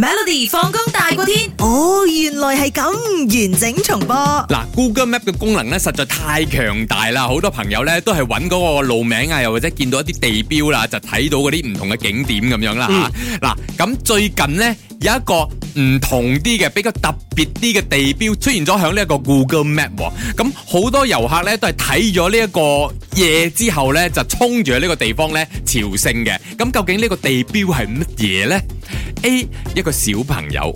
Melody 放工大過天，哦，oh, 原來係咁，完整重播。嗱，Google Map 嘅功能咧實在太強大啦，好多朋友咧都係揾嗰個路名啊，又或者見到一啲地標啦，就睇到嗰啲唔同嘅景點咁樣啦吓。嗱，咁最近呢，有一個唔同啲嘅比較特別啲嘅地標出現咗喺呢一個 Google Map，咁好多遊客咧都係睇咗呢一個嘢之後咧就衝住喺呢個地方咧朝聖嘅。咁究竟呢個地標係乜嘢咧？A 一個小朋友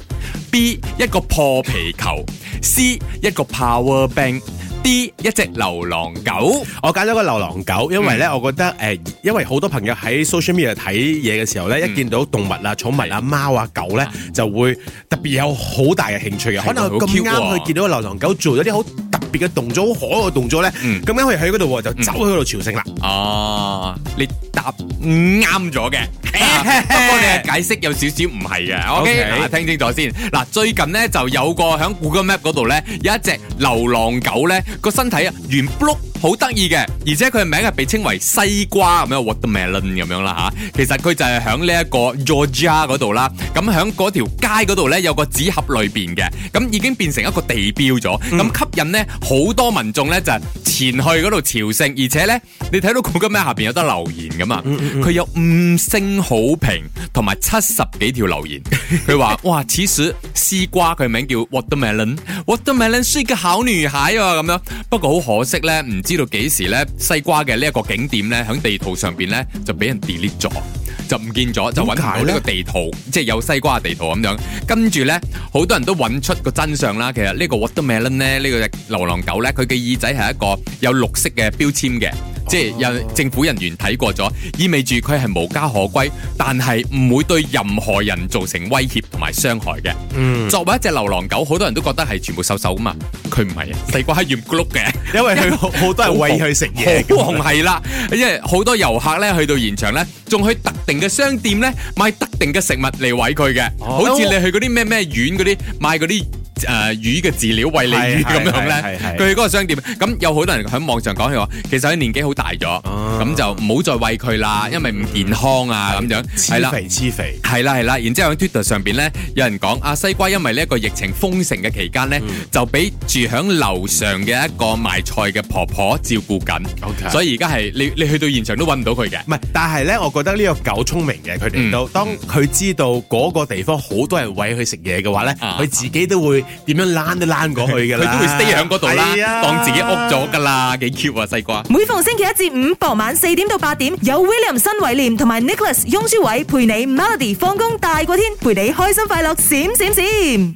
，B 一個破皮球，C 一個 power bank，D 一隻流浪狗。我揀咗個流浪狗，因為咧，嗯、我覺得誒、呃，因為好多朋友喺 social media 睇嘢嘅時候咧，嗯、一見到動物啊、寵物啊、貓啊、狗咧，的就會特別有好大嘅興趣嘅。的可能咁啱佢見到個流浪狗做咗啲好特別嘅動作，好可愛嘅動作咧，咁樣佢喺嗰度就走去嗰度朝聖啦。哦、嗯啊，你答啱咗嘅。幫你解釋有少少唔係嘅，OK？聽清楚先。嗱，最近咧就有個喺 Google Map 嗰度咧，有一隻流浪狗咧，個身體圓碌碌，好得意嘅，而且佢嘅名係被稱為西瓜咁樣，watermelon 咁樣啦吓。其實佢就係響呢一個 Georgia 嗰度啦，咁響嗰條街嗰度咧，有個紙盒裏邊嘅，咁已經變成一個地標咗，咁、嗯、吸引咧好多民眾呢，就。前去嗰度朝聖，而且咧，你睇到《佢個咩》下邊有得留言噶嘛？佢、嗯嗯、有五星好評同埋七十幾條留言，佢話： 哇，此時絲瓜佢名叫 watermelon，watermelon 是一個好女孩啊咁樣。不過好可惜咧，唔知道幾時咧，西瓜嘅呢一個景點咧，喺地圖上邊咧就俾人 delete 咗。就唔見咗，就揾唔到呢個地圖，即係有西瓜嘅地圖咁樣。跟住咧，好多人都揾出個真相啦。其實個呢個 watermelon 咧，呢、呢個流浪狗咧，佢嘅耳仔係一個有綠色嘅標籤嘅。即係有政府人員睇過咗，意味住佢係無家可歸，但係唔會對任何人造成威脅同埋傷害嘅。嗯，作為一隻流浪狗，好多人都覺得係全部瘦瘦噶嘛，佢唔係啊，地瓜係圓咕碌嘅，因為佢好多人餵佢食嘢。紅紅係啦，因為好多遊客咧去到現場咧，仲去特定嘅商店咧買特定嘅食物嚟餵佢嘅，哦，好似你去嗰啲咩咩丸嗰啲買嗰啲。誒、呃、魚嘅飼料餵你魚咁樣咧，佢去嗰個商店咁有好多人喺網上講起話，其實佢年紀好大咗，咁、啊、就唔好再餵佢啦，因為唔健康啊，咁、嗯、樣，黐肥黐肥，係啦係啦。然之後喺 Twitter 上邊咧，有人講阿西瓜因為呢一個疫情封城嘅期間咧，嗯、就俾住響樓上嘅一個賣菜嘅婆婆照顧緊，嗯、所以而家係你你去到現場都揾唔到佢嘅。唔係，但係咧，我覺得呢個狗聰明嘅，佢哋都。當佢知道嗰個地方好多人餵佢食嘢嘅話咧，佢自己都會。點樣攣都攣過去噶啦，佢 都會 stay 喺嗰度啦，哎、呀當自己屋咗噶啦，幾 cute 啊！西瓜，每逢星期一至五傍晚四點到八點，有 William 新偉廉同埋 Nicholas 雍舒偉陪你 Melody 放工大過天，陪你開心快樂閃閃閃。閃閃閃閃